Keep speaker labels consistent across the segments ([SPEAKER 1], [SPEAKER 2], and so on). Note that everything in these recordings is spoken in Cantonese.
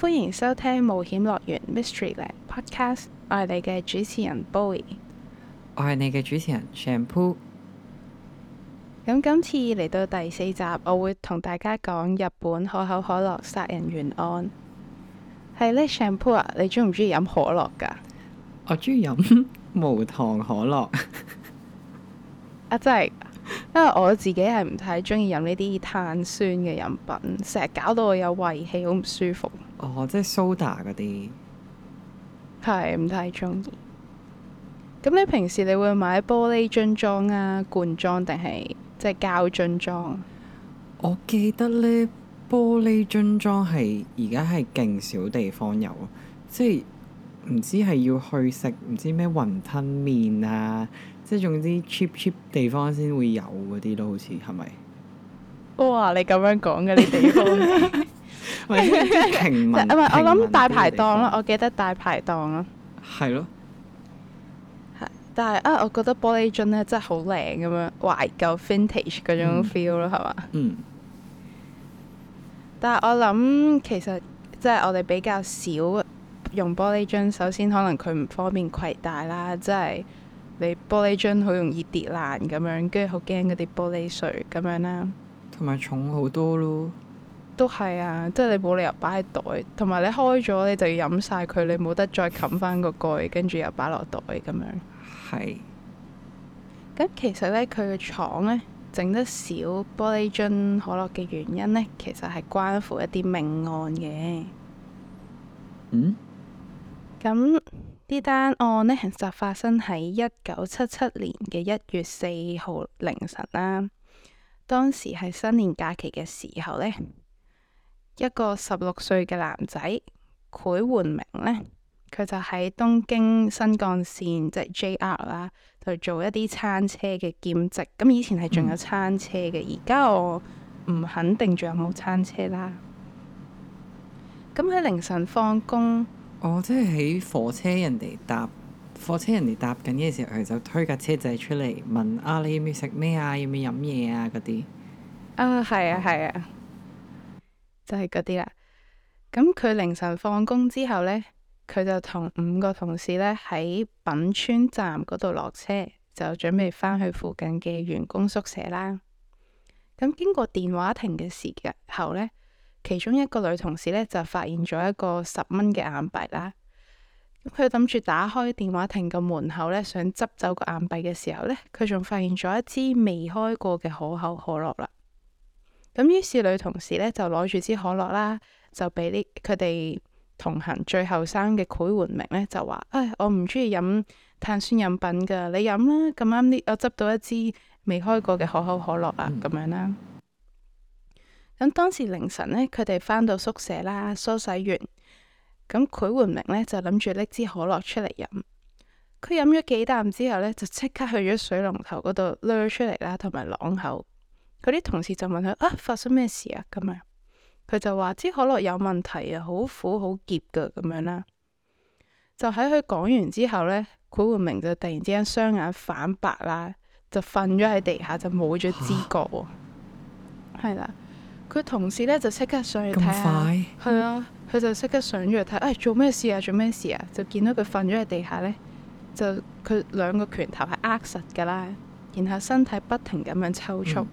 [SPEAKER 1] 歡迎收聽冒險樂園 Mysteryland Podcast，我係你嘅主持人 Bowie，
[SPEAKER 2] 我係你嘅主持人 Shampoo。
[SPEAKER 1] 咁 Sh 今次嚟到第四集，我會同大家講日本可口可樂殺人懸案。係呢 Shampoo 啊，你中唔中意飲可樂噶？
[SPEAKER 2] 我中意飲無糖可樂。
[SPEAKER 1] 啊，真係，因為我自己係唔太中意飲呢啲碳酸嘅飲品，成日搞到我有胃氣，好唔舒服。哦，即係蘇打嗰啲，係唔太中意。咁你平時你會買玻璃樽裝啊，罐裝定係即係膠樽裝？
[SPEAKER 2] 我記得咧，玻璃樽裝係而家係勁少地方有，啊，即係唔知係要去食唔知咩雲吞麵啊，即係總之 cheap cheap 地方先會有嗰啲都好似係咪？
[SPEAKER 1] 是是哇！你咁樣講嘅啲地方。 唔係 平民 我諗大排檔咯， 我記得大排檔咯，係咯， 但係啊，我覺得玻璃樽咧真係好靚咁樣，懷舊、vintage 嗰種 feel 咯，係嘛，嗯，但係我諗其實即係、就是、我哋比較少用玻璃樽，首先可能佢唔方便攜帶啦，即、就、係、是、你玻璃樽好容易跌爛咁樣，跟住好驚嗰啲玻璃碎咁樣啦，
[SPEAKER 2] 同埋重好多咯。.
[SPEAKER 1] 都係啊，即係你冇理由擺喺袋，同埋你開咗你就要飲晒佢，你冇得再冚翻個蓋，跟住又擺落袋咁樣。係咁是、嗯，其實呢，佢嘅廠呢，整得少玻璃樽可樂嘅原因呢，其實係關乎一啲命案嘅。嗯？咁呢、嗯、單案呢，其實發生喺一九七七年嘅一月四號凌晨啦。當時係新年假期嘅時候呢。一個十六歲嘅男仔，佢換名呢，佢就喺東京新幹線即係 JR 啦，就做一啲餐車嘅兼職。咁以前係仲有餐車嘅，而家我唔肯定仲有冇餐車啦。咁喺凌晨放工，
[SPEAKER 2] 哦，即係喺火車人哋搭火車人哋搭緊嘅時候，佢就推架車仔出嚟問啊，你要唔要食咩啊？要唔要飲嘢啊？嗰啲、哦、
[SPEAKER 1] 啊，係啊，係啊、嗯。都係嗰啲啦，咁佢凌晨放工之後呢，佢就同五個同事呢喺品川站嗰度落車，就準備翻去附近嘅員工宿舍啦。咁經過電話亭嘅時候呢，其中一個女同事呢，就發現咗一個十蚊嘅硬幣啦。佢諗住打開電話亭嘅門口呢，想執走個硬幣嘅時候呢，佢仲發現咗一支未開過嘅可口可樂啦。咁於是女同事呢，就攞住支可樂啦，就俾啲佢哋同行最後生嘅許桓明呢，就話，唉、哎，我唔中意飲碳酸飲品噶，你飲啦。咁啱啲我執到一支未開過嘅可口可樂啊，咁樣啦。咁、嗯、當時凌晨呢，佢哋翻到宿舍啦，梳洗完，咁許桓明呢，就諗住拎支可樂出嚟飲。佢飲咗幾啖之後呢，就即刻去咗水龍頭嗰度攞出嚟啦，同埋啷口。佢啲同事就問佢啊，發生咩事啊？咁樣佢就話支可樂有問題啊，好苦好澀噶咁樣啦。就喺佢講完之後呢，古文明就突然之間雙眼反白啦，就瞓咗喺地下，就冇咗知覺喎。係啦、啊，佢同事呢就即刻上去睇。咁快？係啊，佢就即刻上咗去睇，唉、哎，做咩事啊？做咩事啊？就見到佢瞓咗喺地下呢，就佢兩個拳頭係握實噶啦，然後身體不停咁樣抽搐。嗯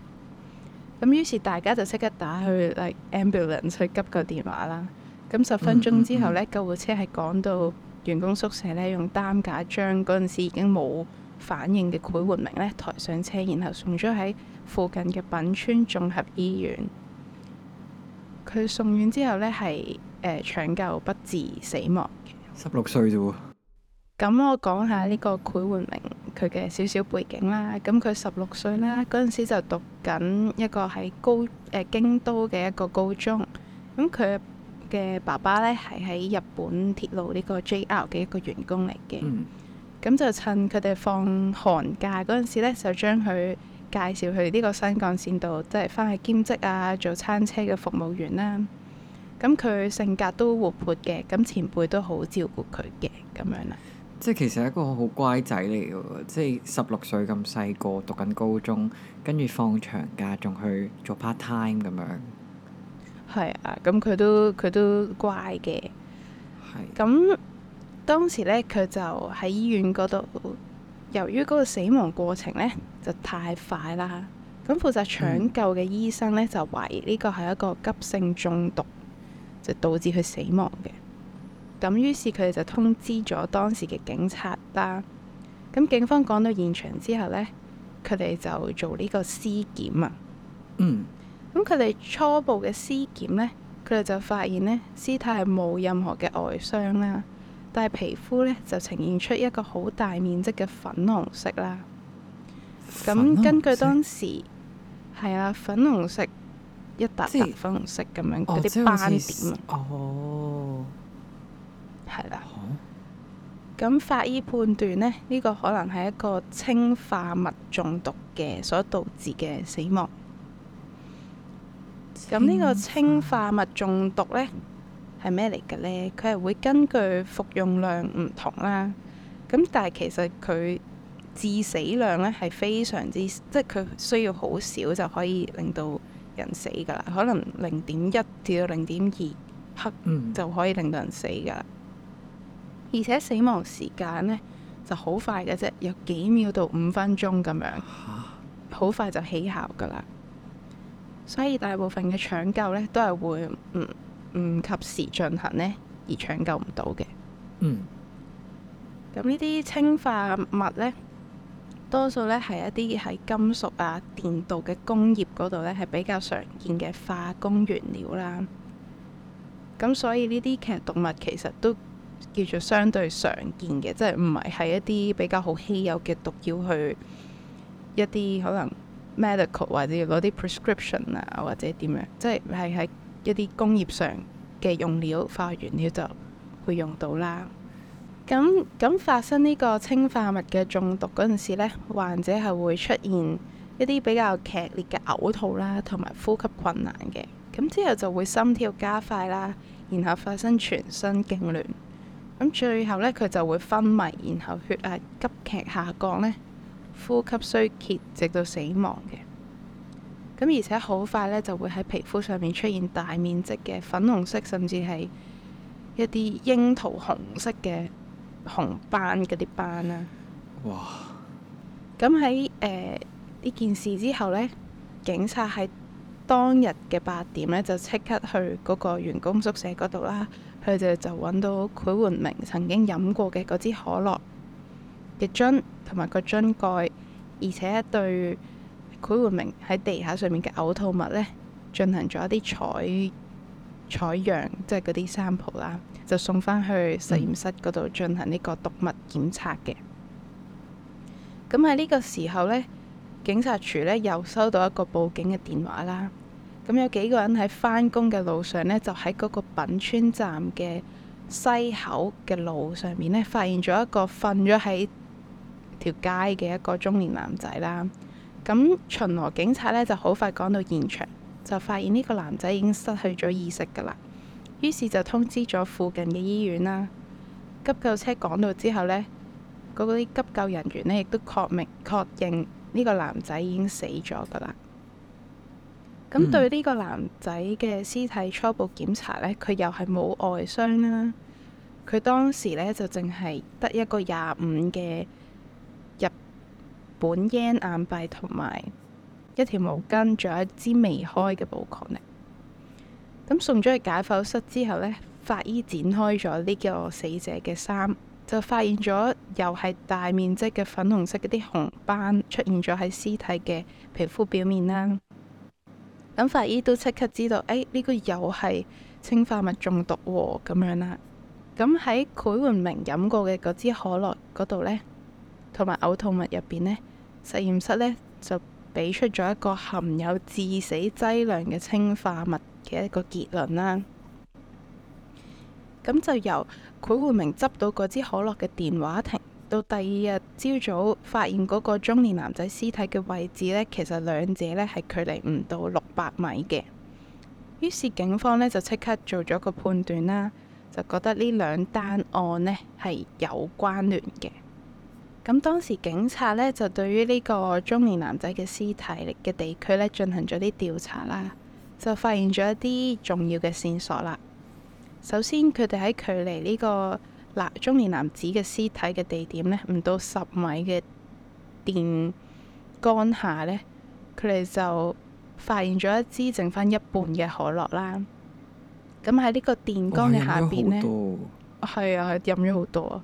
[SPEAKER 1] 咁於是大家就即刻打去 like ambulance 去急救電話啦。咁十分鐘之後呢，嗯嗯、救護車係趕到員工宿舍呢，用擔架將嗰陣時已經冇反應嘅許活明呢抬上車，然後送咗喺附近嘅品川綜合醫院。佢送院之後呢，係誒、呃、搶救不治死亡嘅。
[SPEAKER 2] 十六歲咋喎。
[SPEAKER 1] 咁我講下呢個檜垣明佢嘅少少背景啦。咁佢十六歲啦，嗰陣時就讀緊一個喺高誒、呃、京都嘅一個高中。咁佢嘅爸爸咧係喺日本鐵路呢個 JR 嘅一個員工嚟嘅。咁、嗯、就趁佢哋放寒假嗰陣時咧，就將佢介紹去呢個新幹線度，即係翻去兼職啊，做餐車嘅服務員啦。咁佢性格都活潑嘅，咁前輩都好照顧佢嘅，咁樣啦。
[SPEAKER 2] 即係其實係一個好乖仔嚟嘅喎，即係十六歲咁細個讀緊高中，跟住放長假仲去做 part time 咁樣。
[SPEAKER 1] 係啊，咁佢都佢都乖嘅。係是。咁當時咧，佢就喺醫院嗰度，由於嗰個死亡過程咧就太快啦，咁負責搶救嘅醫生咧、嗯、就懷疑呢個係一個急性中毒，就導致佢死亡嘅。咁於是佢哋就通知咗當時嘅警察啦。咁警方趕到現場之後呢，佢哋就做呢個屍檢啊。嗯。咁佢哋初步嘅屍檢呢，佢哋就發現呢，屍體係冇任何嘅外傷啦，但係皮膚呢就呈現出一個好大面積嘅粉紅色啦。咁根據當時，係啊，粉紅色一笪笪粉紅色咁樣嗰啲知斑點哦。咁法醫判斷呢，呢個可能係一個氰化物中毒嘅所導致嘅死亡。咁呢清個氰化物中毒呢，係咩嚟嘅呢？佢係會根據服用量唔同啦。咁但係其實佢致死量呢，係非常之，即係佢需要好少就可以令到人死噶啦。可能零點一至到零點二克就可以令到人死噶啦。而且死亡時間呢就好快嘅啫，有幾秒到五分鐘咁樣，好快就起效噶啦。所以大部分嘅搶救呢都係會唔唔及時進行呢，而搶救唔到嘅。嗯。咁呢啲氰化物呢，多數呢係一啲喺金屬啊、電鍍嘅工業嗰度呢係比較常見嘅化工原料啦。咁所以呢啲劇毒物其實都。叫做相對常見嘅，即係唔係係一啲比較好稀有嘅毒藥去一啲可能 medical 或者攞啲 prescription 啊，或者點樣，即係係喺一啲工業上嘅用料化學原料就會用到啦。咁咁發生呢個氰化物嘅中毒嗰陣時咧，患者係會出現一啲比較劇烈嘅嘔吐啦，同埋呼吸困難嘅。咁之後就會心跳加快啦，然後發生全身痙攣。咁最後呢，佢就會昏迷，然後血壓急劇下降呢，呼吸衰竭，直到死亡嘅。咁而且好快呢，就會喺皮膚上面出現大面積嘅粉紅色，甚至係一啲櫻桃紅色嘅紅斑，嗰啲斑啦。哇！咁喺誒呢件事之後呢，警察喺當日嘅八點呢，就即刻去嗰個員工宿舍嗰度啦。佢哋就揾到許冠明曾經飲過嘅嗰支可樂嘅樽同埋個樽蓋，而且對許冠明喺地下上面嘅嘔吐物呢，進行咗一啲採採樣，即係嗰啲 sample 啦，就送返去實驗室嗰度進行呢個毒物檢查嘅。咁喺呢個時候呢，警察署呢又收到一個報警嘅電話啦。咁有幾個人喺返工嘅路上呢，就喺嗰個品川站嘅西口嘅路上面呢，發現咗一個瞓咗喺條街嘅一個中年男仔啦。咁巡邏警察呢就好快趕到現場，就發現呢個男仔已經失去咗意識噶啦。於是就通知咗附近嘅醫院啦。急救車趕到之後呢，嗰啲急救人員呢亦都確明確認呢個男仔已經死咗噶啦。咁、嗯、對呢個男仔嘅屍體初步檢查呢，佢又係冇外傷啦。佢當時呢就淨係得一個廿五嘅日本円硬幣同埋一條毛巾，仲有一支未開嘅寶礦力。咁送咗去解剖室之後呢，法醫展開咗呢個死者嘅衫，就發現咗又係大面積嘅粉紅色嗰啲紅斑出現咗喺屍體嘅皮膚表面啦。咁法醫都即刻知道，誒、哎、呢、這個又係氰化物中毒喎、哦，咁樣啦。咁喺許煥明飲過嘅嗰支可樂嗰度呢，同埋嘔吐物入邊呢，實驗室呢就俾出咗一個含有致死劑量嘅氰化物嘅一個結論啦。咁就由許煥明執到嗰支可樂嘅電話亭。到第二日朝早，發現嗰個中年男仔屍體嘅位置呢，其實兩者呢係距離唔到六百米嘅。於是警方呢就即刻做咗個判斷啦，就覺得呢兩單案呢係有關聯嘅。咁當時警察呢，就對於呢個中年男仔嘅屍體嘅地區呢，進行咗啲調查啦，就發現咗一啲重要嘅線索啦。首先，佢哋喺距離呢個嗱，中年男子嘅屍體嘅地點呢，唔到十米嘅電桿下呢，佢哋就發現咗一支剩返一半嘅可樂啦。咁喺呢個電桿嘅下面呢，係啊，飲咗好多啊。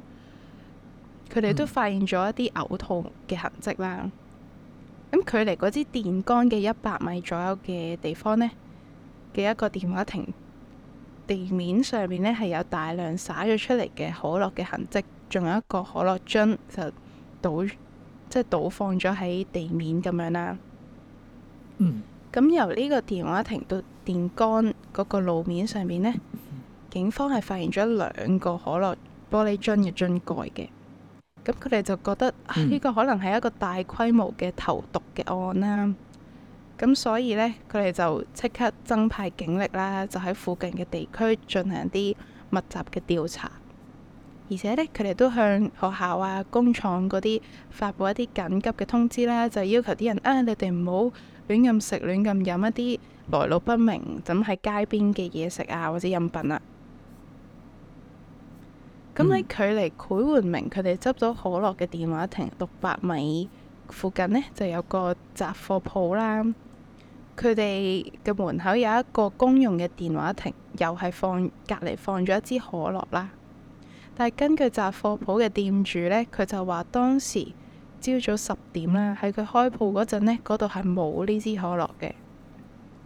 [SPEAKER 1] 佢哋、嗯、都發現咗一啲嘔吐嘅痕跡啦。咁距離嗰支電桿嘅一百米左右嘅地方呢，嘅一個電話亭。地面上面呢，係有大量灑咗出嚟嘅可樂嘅痕跡，仲有一個可樂樽就倒，即係倒放咗喺地面咁樣啦。嗯。咁由呢個電話亭到電桿嗰個路面上面呢，嗯、警方係發現咗兩個可樂玻璃樽嘅樽蓋嘅。咁佢哋就覺得呢、嗯啊呢個可能係一個大規模嘅投毒嘅案啦。咁所以呢，佢哋就即刻增派警力啦，就喺附近嘅地區進行啲密集嘅調查。而且呢，佢哋都向學校啊、工廠嗰啲發布一啲緊急嘅通知啦，就要求啲人啊，你哋唔好亂咁食、亂咁飲一啲來路不明、咁喺街邊嘅嘢食啊或者飲品啊。嗯。咁喺距離許煥明佢哋執到可樂嘅電話亭六百米。附近呢就有個雜貨鋪啦，佢哋嘅門口有一個公用嘅電話亭，又係放隔籬放咗一支可樂啦。但係根據雜貨鋪嘅店主呢，佢就話當時朝早十點啦，喺佢開鋪嗰陣呢，嗰度係冇呢支可樂嘅。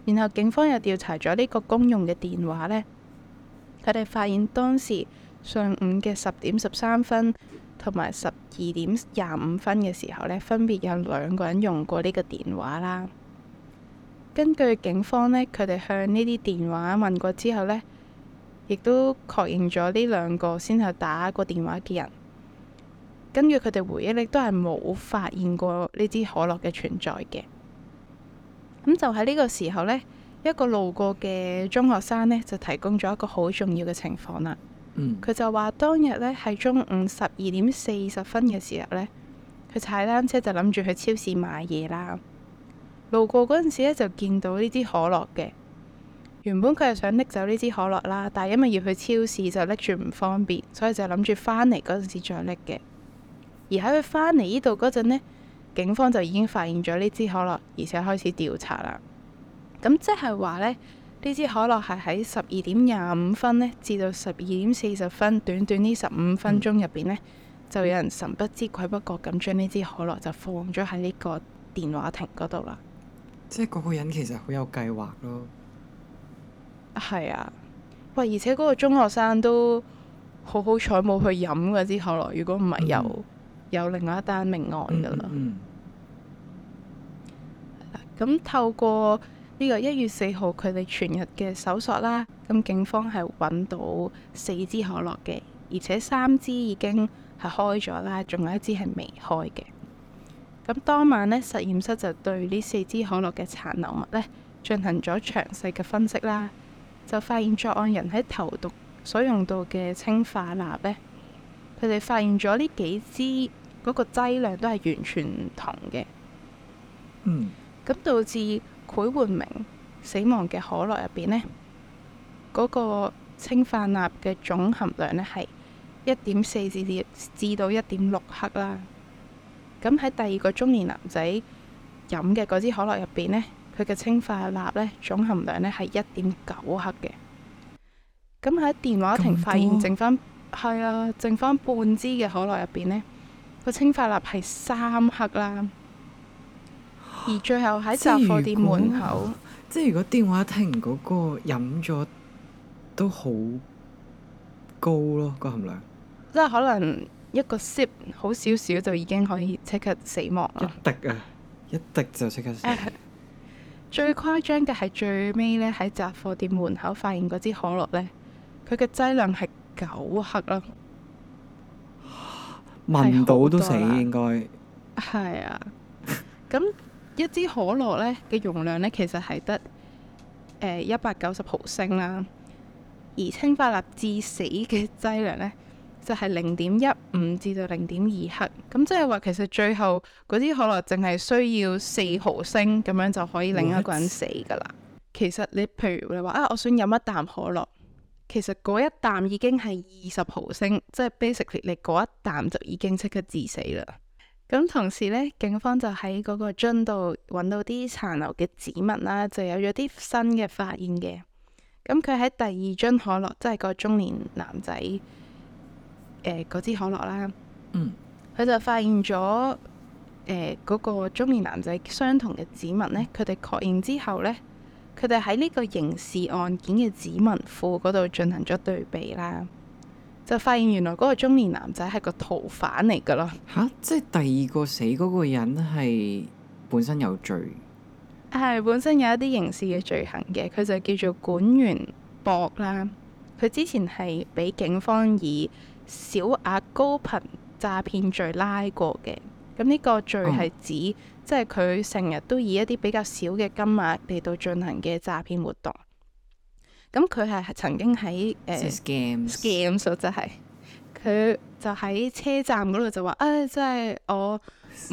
[SPEAKER 1] 然後警方又調查咗呢個公用嘅電話呢，佢哋發現當時上午嘅十點十三分。同埋十二點廿五分嘅時候呢，分別有兩個人用過呢個電話啦。根據警方呢，佢哋向呢啲電話問過之後呢，亦都確認咗呢兩個先後打過電話嘅人。根據佢哋回憶力，亦都係冇發現過呢支可樂嘅存在嘅。咁就喺呢個時候呢，一個路過嘅中學生呢，就提供咗一個好重要嘅情況啦。佢、嗯、就話當日呢，係中午十二點四十分嘅時候呢，佢踩單車就諗住去超市買嘢啦。路過嗰陣時呢，就見到呢支可樂嘅，原本佢係想拎走呢支可樂啦，但係因為要去超市就拎住唔方便，所以就諗住返嚟嗰陣時再拎嘅。而喺佢返嚟呢度嗰陣呢，警方就已經發現咗呢支可樂，而且開始調查啦。咁即係話呢。呢支可樂係喺十二點廿五分呢，至到十二點四十分，短短呢十五分鐘入邊呢、嗯、就有人神不知鬼不覺咁將呢支可樂就放咗喺呢個電話亭嗰度啦。
[SPEAKER 2] 即係嗰個人其實好有計劃咯。
[SPEAKER 1] 係啊，喂，而且嗰個中學生都好好彩，冇去飲嗰支可樂。如果唔係，有、嗯、有另外一單命案噶啦。咁、嗯嗯嗯、透過。呢個一月四號，佢哋全日嘅搜索啦，咁警方係揾到四支可樂嘅，而且三支已經係開咗啦，仲有一支係未開嘅。咁當晚呢，實驗室就對呢四支可樂嘅殘留物呢進行咗詳細嘅分析啦，就發現作案人喺投毒所用到嘅氰化鈉呢，佢哋發現咗呢幾支嗰個劑量都係完全唔同嘅。嗯，咁導致。攪換名死亡嘅可樂入邊呢，嗰、那個氰化鈉嘅總含量呢，係一點四至至到一點六克啦。咁喺第二個中年男仔飲嘅嗰支可樂入邊呢，佢嘅氰化鈉呢，總含量呢，係一點九克嘅。咁喺電話亭發現剩翻，係啊，剩翻半支嘅可樂入邊呢，個氰化鈉係三克啦。而最後喺雜貨店門口，
[SPEAKER 2] 即係如，如果電話聽完嗰個飲咗都好高咯，個含量，
[SPEAKER 1] 即係可能一個 sip 好少少就已經可以即刻死亡啦。一
[SPEAKER 2] 滴啊，一滴就即刻死。
[SPEAKER 1] 最誇張嘅係最尾咧，喺雜貨店門口發現嗰支可樂咧，佢嘅劑量係九克咯，
[SPEAKER 2] 聞到都死應該。
[SPEAKER 1] 係 啊，咁。一支可樂咧嘅容量咧，其實係得誒一百九十毫升啦。而氰化鈉致死嘅劑量咧，就係零點一五至到零點二克。咁即係話，其實最後嗰支可樂淨係需要四毫升咁樣就可以令一個人死㗎啦。次其實你譬如你話啊，我想飲一啖可樂，其實嗰一啖已經係二十毫升，即係 basically 你嗰一啖就已經即刻致死啦。咁同時咧，警方就喺嗰個樽度搵到啲殘留嘅指紋啦，就有咗啲新嘅發現嘅。咁佢喺第二樽可樂，即係個中年男仔，誒嗰支可樂啦，嗯，佢就發現咗誒嗰個中年男仔相同嘅指紋咧。佢哋確認之後咧，佢哋喺呢個刑事案件嘅指紋庫嗰度進行咗對比啦。就發現原來嗰個中年男仔係個逃犯嚟噶咯。嚇、啊，即
[SPEAKER 2] 係第二個死嗰個人係本身有罪，
[SPEAKER 1] 係、啊、本身有一啲刑事嘅罪行嘅。佢就叫做管員博啦。佢之前係俾警方以小額高頻詐騙罪拉過嘅。咁、這、呢個罪係指，哦、即係佢成日都以一啲比較少嘅金額嚟到進行嘅詐騙活動。咁佢係曾經喺誒，scams，scams 咯，呃、so, Sc 即係佢就喺車站嗰度就話，誒、哎，即係我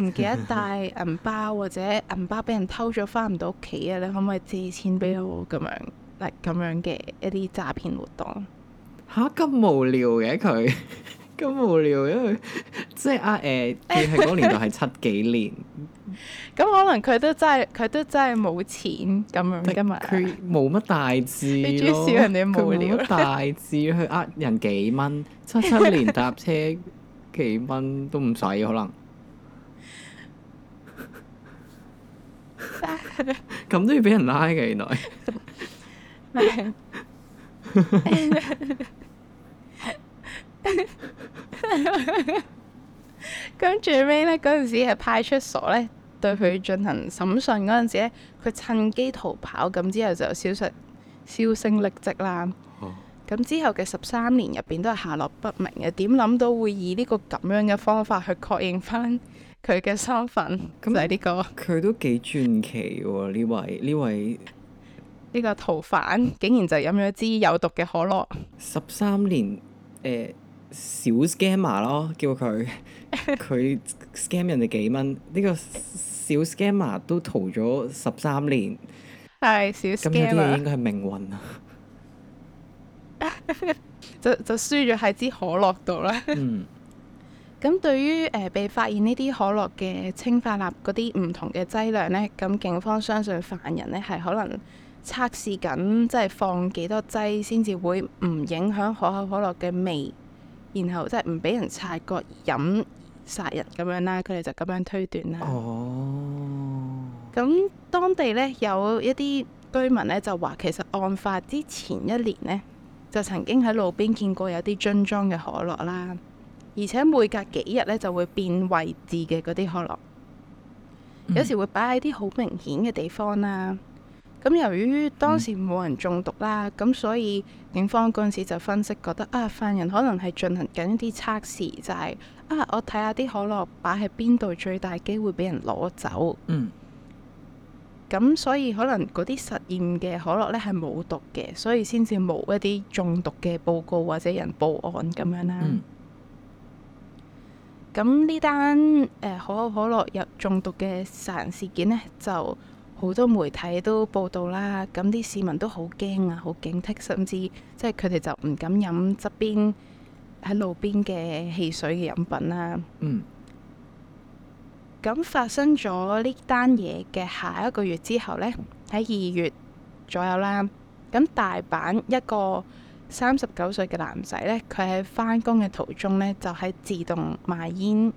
[SPEAKER 1] 唔記得帶銀包或者銀包俾人偷咗，翻唔到屋企啊！你可唔可以借錢俾我咁樣？嗱，咁樣嘅一啲詐騙活動
[SPEAKER 2] 吓咁、啊、無聊嘅佢。 咁無聊，
[SPEAKER 1] 因為
[SPEAKER 2] 即係呃，誒，佢喺嗰年代係七幾年，
[SPEAKER 1] 咁、 嗯、可能佢都真係佢都真係冇錢咁樣㗎嘛。佢
[SPEAKER 2] 冇乜大志、哦，咯，你中意笑人哋無聊大志去呃人幾蚊？七七年搭車幾蚊都唔使可能。咁 都要俾人拉嘅原來。
[SPEAKER 1] 跟住尾呢嗰陣時係派出所呢對佢進行審訊嗰陣時咧，佢趁機逃跑，咁之後就消失、銷聲匿迹啦。咁、啊、之後嘅十三年入邊都係下落不明嘅。點諗到會以呢個咁樣嘅方法去確認返佢嘅身份？咁、嗯、就係
[SPEAKER 2] 呢、呢個。佢都幾傳奇喎、哦，呢位呢位
[SPEAKER 1] 呢個逃犯竟然就飲咗支有毒嘅可樂。十三年、欸
[SPEAKER 2] 小 scammer 咯，叫佢佢 scam 人哋幾蚊呢、呢個小 scammer 都逃咗十三年，
[SPEAKER 1] 係小 scammer。應該
[SPEAKER 2] 係命運啊
[SPEAKER 1] 就就輸咗喺支可樂度啦。咁、 嗯、對於誒被發現呢啲可樂嘅氰化鈉嗰啲唔同嘅劑量呢，咁警方相信犯人呢係可能測試緊，即係放幾多劑先至會唔影響可口可樂嘅味。然後即係唔俾人察覺飲殺人咁樣啦，佢哋就咁樣推斷啦。哦，咁當地呢，有一啲居民呢就話，其實案發之前一年呢，就曾經喺路邊見過有啲樽裝嘅可樂啦，而且每隔幾日呢就會變位置嘅嗰啲可樂，mm. 有時會擺喺啲好明顯嘅地方啦。咁由於當時冇人中毒啦，咁、嗯、所以警方嗰陣時就分析覺得啊，犯人可能係進行緊一啲測試，就係、是、啊，我睇下啲可樂擺喺邊度最大機會俾人攞走。嗯。咁所以可能嗰啲實驗嘅可樂呢係冇毒嘅，所以先至冇一啲中毒嘅報告或者人報案咁樣啦。嗯。咁呢單誒可口可樂入中毒嘅殺人事件呢，就。好多媒體都報道啦，咁啲市民都好驚啊，好警惕，甚至即係佢哋就唔敢飲側邊喺路邊嘅汽水嘅飲品啦。嗯。咁發生咗呢單嘢嘅下一個月之後呢，喺二月左右啦。咁大阪一個三十九歲嘅男仔呢，佢喺返工嘅途中呢，就喺自動賣煙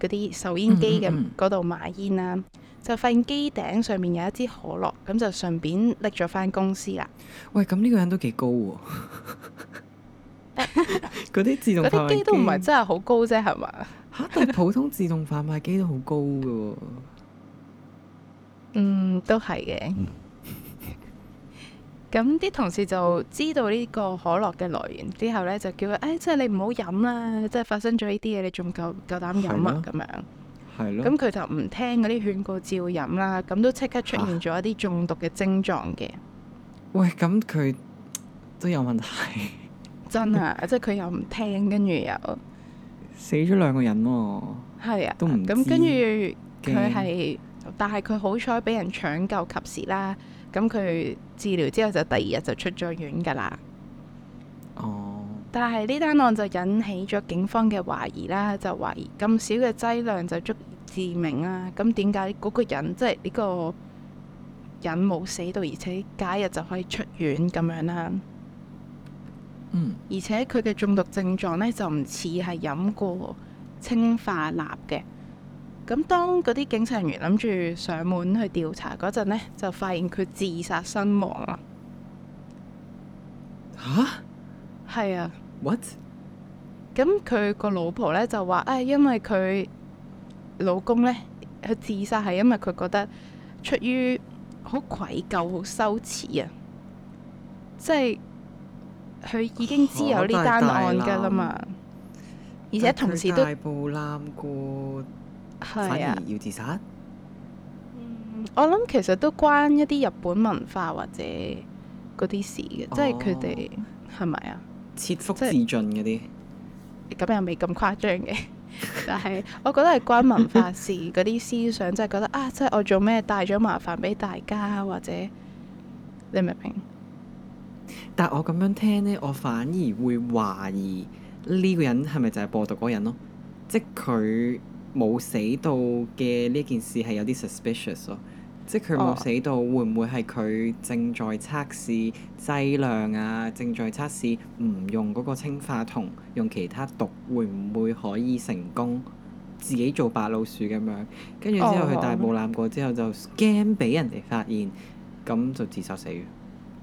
[SPEAKER 1] 嗰啲售煙機嘅嗰度賣煙啦。嗯嗯嗯。就發現機頂上面有一支可樂，咁就順便拎咗返公司啦。
[SPEAKER 2] 喂，咁呢個人都幾高喎？嗰啲自動嗰啲機都唔係真
[SPEAKER 1] 係好高啫，係嘛？
[SPEAKER 2] 吓，普通自動販賣機都好高嘅。
[SPEAKER 1] 嗯，都係嘅。咁啲 同事就知道呢個可樂嘅來源之後呢，就叫佢，哎，即係你唔好飲啦！即係發生咗呢啲嘢，你仲夠夠膽飲啊？咁樣嗎。 咁佢、 嗯、就唔聽嗰啲勸告照飲啦，咁都即刻出現咗一啲中毒嘅症狀嘅、
[SPEAKER 2] 啊。喂，咁佢都有問題。
[SPEAKER 1] 真啊，即係佢又唔聽，跟住又
[SPEAKER 2] 死咗兩個人喎。
[SPEAKER 1] 係啊， 啊都唔咁、嗯、跟住佢係，怕但係佢好彩俾人搶救及時啦。咁佢治療之後就第二日就出咗院噶啦。哦。但係呢單案就引起咗警方嘅懷疑啦，就懷疑咁少嘅劑量就足致命啊！咁點解嗰個人即係呢個人冇死到，而且隔日就可以出院咁樣啦、啊？嗯，而且佢嘅中毒症狀呢，就唔似係飲過氰化鈉嘅。咁當嗰啲警察員諗住上門去調查嗰陣呢，就發現佢自殺身亡啦。吓？係啊。啊 What？咁佢個老婆呢，就話：，誒、哎，因為佢。老公呢，佢自殺係因為佢覺得，出於好愧疚、好羞恥啊！即係佢已經知有呢單案㗎喇嘛，哦、而且同時都大
[SPEAKER 2] 報攬過，反、啊、而要自殺。
[SPEAKER 1] 我諗其實都關一啲日本文化或者嗰啲事嘅，哦、即係佢哋係咪啊？切腹
[SPEAKER 2] 自盡嗰啲，
[SPEAKER 1] 咁又未咁誇張嘅。 但係，我覺得係關文化事嗰啲 思想，即係覺得啊，即係我做咩帶咗麻煩俾大家，或者你明唔明？
[SPEAKER 2] 但係我咁樣聽呢，我反而會懷疑呢個人係咪就係播毒嗰人咯？即係佢冇死到嘅呢件事係有啲 suspicious 咯。即佢冇死到，oh. 會唔會係佢正在測試劑量啊？正在測試唔用嗰個氰化銅，用其他毒會唔會可以成功？自己做白老鼠咁樣，跟住之後佢大暴斬過之後就驚俾人哋發現，咁、oh. 就自殺死嘅。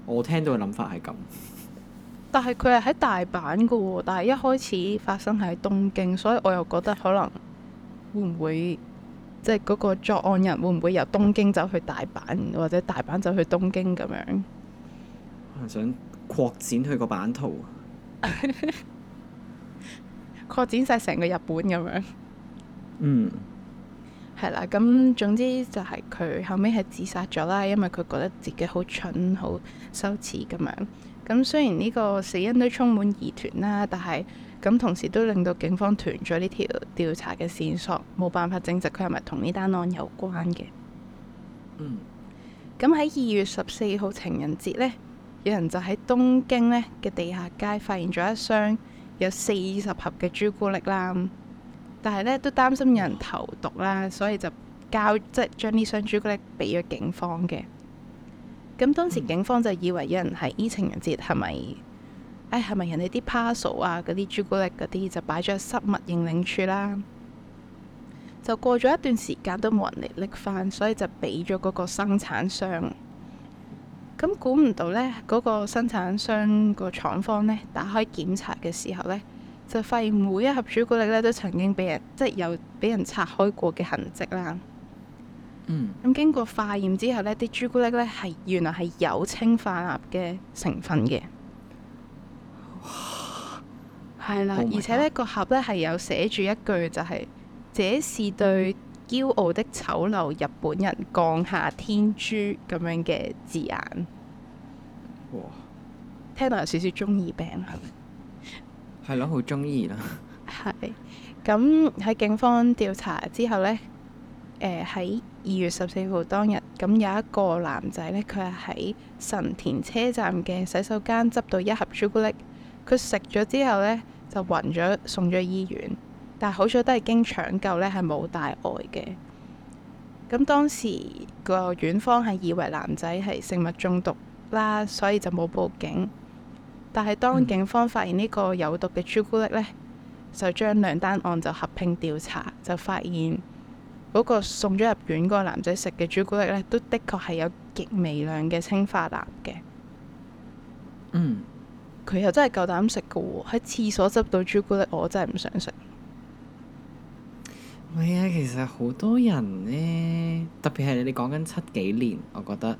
[SPEAKER 2] 我聽到嘅諗法係咁。
[SPEAKER 1] 但係佢係喺大阪㗎喎，但係一開始發生喺東京，所以我又覺得可能會唔會？即係嗰個作案人會唔會由東京走去大阪，或者大阪走去東京咁樣？
[SPEAKER 2] 我想擴展佢個版圖，
[SPEAKER 1] 擴展晒成個日本咁樣。
[SPEAKER 2] 嗯，
[SPEAKER 1] 係啦， 咁總之就係佢後尾係自殺咗啦，因為佢覺得自己好蠢、好羞恥咁樣。咁雖然呢個死因都充滿疑團啦，但係。咁同時都令到警方斷咗呢條調查嘅線索，冇辦法證實佢係咪同呢單案有關嘅。嗯。咁喺二月十四號情人節呢，有人就喺東京呢嘅地下街發現咗一箱有四十盒嘅朱古力啦，但係呢，都擔心有人投毒啦，所以就交即係將呢箱朱古力俾咗警方嘅。咁當時警方就以為有人係依情人節係咪？是誒係咪人哋啲 parcel 啊，嗰啲朱古力嗰啲就擺咗喺失物認領處啦。就過咗一段時間都冇人嚟拎翻，所以就俾咗嗰個生產商。咁估唔到呢，嗰個生產商個廠方呢，打開檢查嘅時候呢，就發現每一盒朱古力呢都曾經俾人即係有俾人拆開過嘅痕跡啦。嗯。咁經過化驗之後呢，啲朱古力呢係原來係有氰化鈉嘅成分嘅。係啦，嗯哦、而且呢、呢個盒呢係有寫住一句、就是，就係這是對驕傲的醜陋日本人降下天誅」咁樣嘅字眼。哇！聽到有少少中二病
[SPEAKER 2] 係咪？係咯，好中二啦。
[SPEAKER 1] 係咁喺警方調查之後呢，喺、呃、二月十四號當日，咁有一個男仔呢，佢係喺神田車站嘅洗手間執到一盒朱古力。佢食咗之後呢，就暈咗，送咗醫院，但係好彩都係經搶救呢係冇大礙嘅。咁當時個院方係以為男仔係食物中毒啦，所以就冇報警。但係當警方發現呢個有毒嘅朱古力呢，就將兩單案就合併調查，就發現嗰個送咗入院嗰個男仔食嘅朱古力呢，都的確係有極微量嘅氰化鈉嘅。嗯。佢又真係夠膽食嘅喎，喺廁所執到朱古力，我真係唔想食。
[SPEAKER 2] 唔係啊，其實好多人呢，特別係你講緊七幾年，我覺得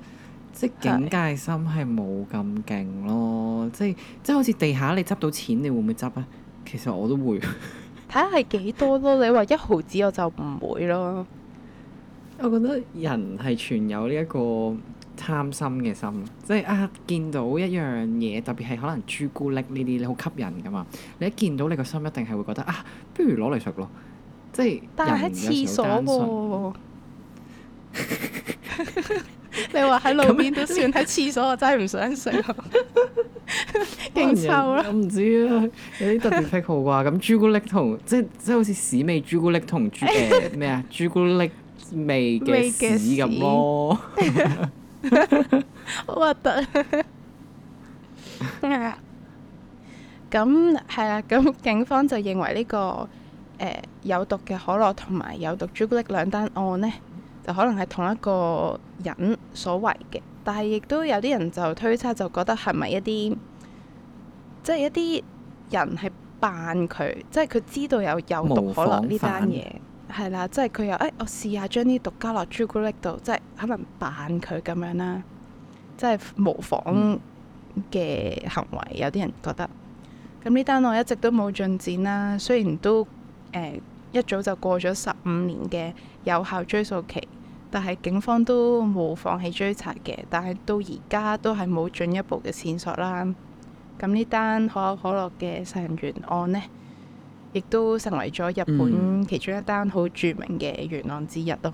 [SPEAKER 2] 即係警戒心係冇咁勁咯。是即係即係好似地下你執到錢，你會唔會執啊？其實我都會。睇
[SPEAKER 1] 下係幾多咯？你話一毫子我就唔會咯。我覺得
[SPEAKER 2] 人係存有呢、這、一個。貪心嘅心，即係啊！見到一樣嘢，特別係可能朱古力呢啲，你好吸引㗎嘛！你一見到，你個心一定係會覺得啊，不如攞嚟食咯！
[SPEAKER 1] 即係但係喺廁所喎、啊， 你話喺路面都算喺廁所， 我真係唔想食。勁 臭啦了！我唔知啊，有啲特別
[SPEAKER 2] 癖好啩。咁朱古力同即即係好似屎味朱古力同朱嘅咩啊？朱古、 呃、力味嘅屎咁咯～
[SPEAKER 1] 好核突咁，係啦，咁 hunting、嗯 啊嗯、警方就認為呢、呢個、呃、有毒嘅可樂同埋有毒朱古力兩單案呢，就可能係同一個人所為嘅。但係亦都有啲人就推測，就覺得係咪一啲即係一啲人係扮佢，即係佢知道有有毒可樂呢單嘢。係啦，即係佢又誒、哎，我試下將啲毒加落朱古力度，即係可能扮佢咁樣啦，即係模仿嘅行為。有啲人覺得咁呢單案一直都冇進展啦。雖然都誒、呃、一早就過咗十五年嘅有效追訴期，但係警方都冇放棄追查嘅。但係到而家都係冇進一步嘅線索啦。咁呢單可口可樂嘅殺人案呢，亦都成為咗日本其中一單好著名嘅懸案之一咯。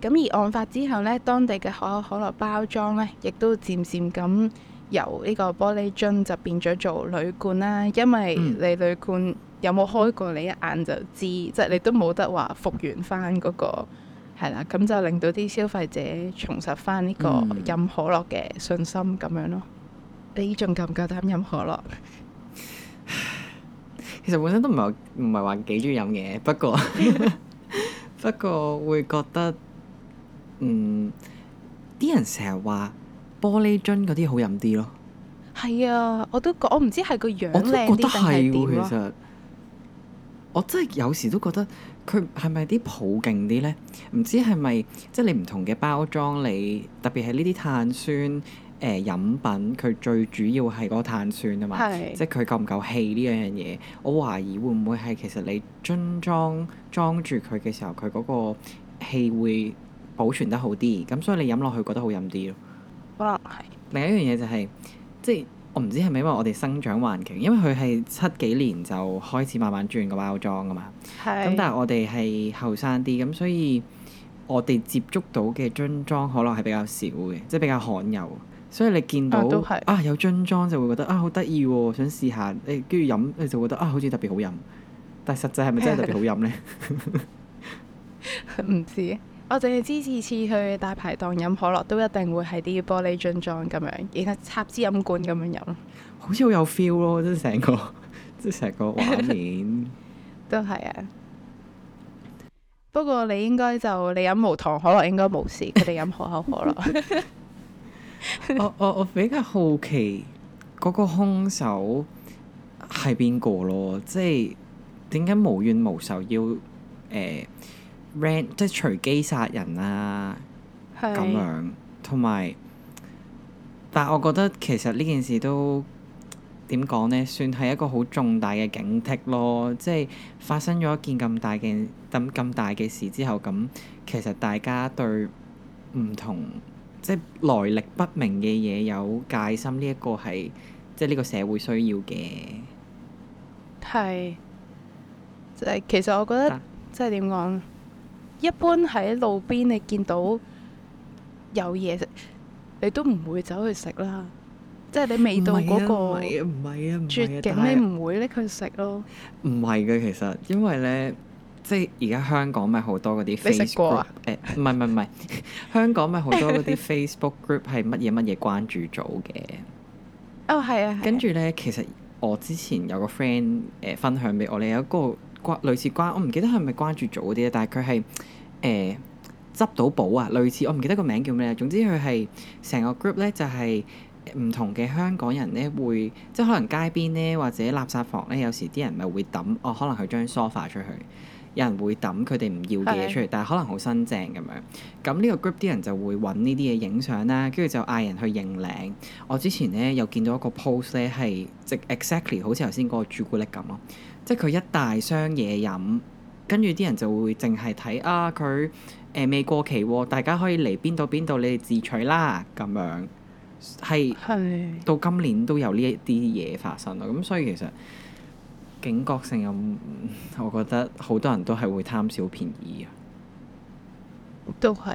[SPEAKER 1] 咁而案發之後呢，當地嘅可口可樂包裝呢，亦都漸漸咁由呢個玻璃樽就變咗做鋁罐啦。因為你鋁罐有冇開過，你一眼就知，嗯、即係你都冇得話復原翻嗰個係啦。咁就令到啲消費者重拾翻呢個飲可樂嘅信心咁樣咯。嗯、你仲夠唔夠膽飲可樂？
[SPEAKER 2] 其實本身都唔係，唔係話幾中意飲嘢，不過 不過會覺得嗯，啲人成日話玻璃樽嗰啲好飲啲咯。
[SPEAKER 1] 係啊，我都覺得，我唔知係個樣靚啲定係點啊其實。
[SPEAKER 2] 我真係有時都覺得佢係咪啲普勁啲咧？唔知係咪，即係你唔同嘅包裝，你特別係呢啲碳酸。誒、呃、飲品佢最主要係嗰碳酸啊嘛，是即係佢夠唔夠氣呢樣嘢。我懷疑會唔會係其實你樽裝裝住佢嘅時候，佢嗰個氣會保存得好啲，咁所以你飲落去覺得好飲啲咯。另一樣嘢就係、是、即係我唔知係咪因為我哋生長環境，因為佢係七幾年就開始慢慢轉個包裝㗎嘛。咁是但係我哋係後生啲，咁所以我哋接觸到嘅樽裝可能係比較少嘅，即係比較罕有。所以你見到啊都係啊有樽裝就會覺得啊好得意喎，想試下誒，跟住飲你就覺得啊好似特別好飲，但實際係咪真係特別好飲呢？
[SPEAKER 1] 唔 知，我淨係知次次去大排檔飲可樂都一定會係啲玻璃樽裝咁樣，然後插支飲管咁樣飲，好似好有
[SPEAKER 2] feel 咯，真係成個真係成個畫面。
[SPEAKER 1] 都係啊，不過你應該就你飲無糖可樂應該冇事，佢哋飲可口可樂。
[SPEAKER 2] 我我我比較好奇嗰、那個兇手係邊個咯？即係點解無怨無仇要誒、呃、ran 即係隨機殺人啊咁樣，同埋是但我覺得其實呢件事都點講咧，算係一個好重大嘅警惕咯，即係發生咗一件咁大嘅咁咁大嘅事之後，咁其實大家對唔同。即係來歷不明嘅嘢有戒心，呢一個係即係呢個社會需要嘅。係。
[SPEAKER 1] 就係其實我覺得行即係點講，一般喺路邊你見到有嘢食，你都唔會走去食啦。即係你未到嗰個唔係啊，
[SPEAKER 2] 唔係絕境你唔
[SPEAKER 1] 會拎佢食咯。
[SPEAKER 2] 唔係嘅，其實因為咧。即係而家香港咪好多嗰啲 Facebook 誒、啊，唔係唔係唔係香港咪好多嗰啲 Facebook group 係乜嘢乜嘢關注組嘅，哦，係啊，跟住咧，其實我之前有個 friend 誒、呃、分享俾我，你有一個關類似關，我唔記得係咪關注組啲咧，但係佢係誒執到寶啊，類似我唔記得個名叫咩，總之佢係成個 group 咧就係唔同嘅香港人咧會即係可能街邊咧或者垃圾房咧，有時啲人咪會抌哦，可能佢將梳化出去。有人會抌佢哋唔要嘅嘢出嚟，但係可能好新淨咁樣。咁呢個 group 啲人就會揾呢啲嘢影相啦，跟住就嗌人去認領。我之前呢，又見到一個 post 呢係 exactly 好似頭先嗰個朱古力咁咯，即係佢一大箱嘢飲，跟住啲人就會淨係睇啊佢誒、呃、未過期喎、啊，大家可以嚟邊度邊度，你哋自取啦咁樣。係的到今年都有呢一啲嘢發生咯，咁所以其實。警覺性咁，我覺得好多人都係會貪小便宜啊。
[SPEAKER 1] 都係，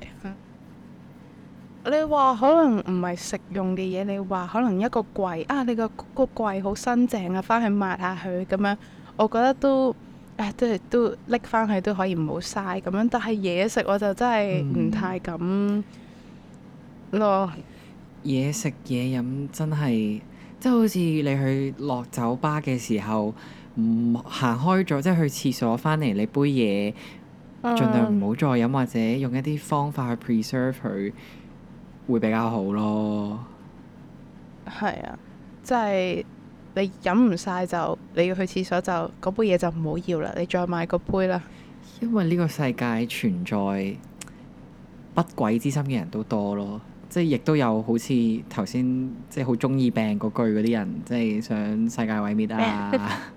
[SPEAKER 1] 你話可能唔係食用嘅嘢，你話可能一個櫃啊，你個個櫃好新淨啊，翻去抹下佢咁樣，我覺得都誒、啊，都拎翻去都可以，唔好嘥咁樣。但係嘢食我就真係唔太敢咯。
[SPEAKER 2] 嘢、嗯、我食嘢飲真係，即係好似你去落酒吧嘅時候。唔行開咗，即係去廁所翻嚟，你杯嘢盡量唔好再飲，嗯、或者用一啲方法去 preserve 佢，
[SPEAKER 1] 會
[SPEAKER 2] 比較好咯。
[SPEAKER 1] 係啊，即、就、係、是、你飲唔晒，就你要去廁所就嗰杯嘢就唔好要啦，你再買個杯啦。
[SPEAKER 2] 因為呢個世界存在不軌之心嘅人都多咯，即係亦都有好似頭先即係好中意病嗰句嗰啲人，即係想世界毀滅得啊什麼～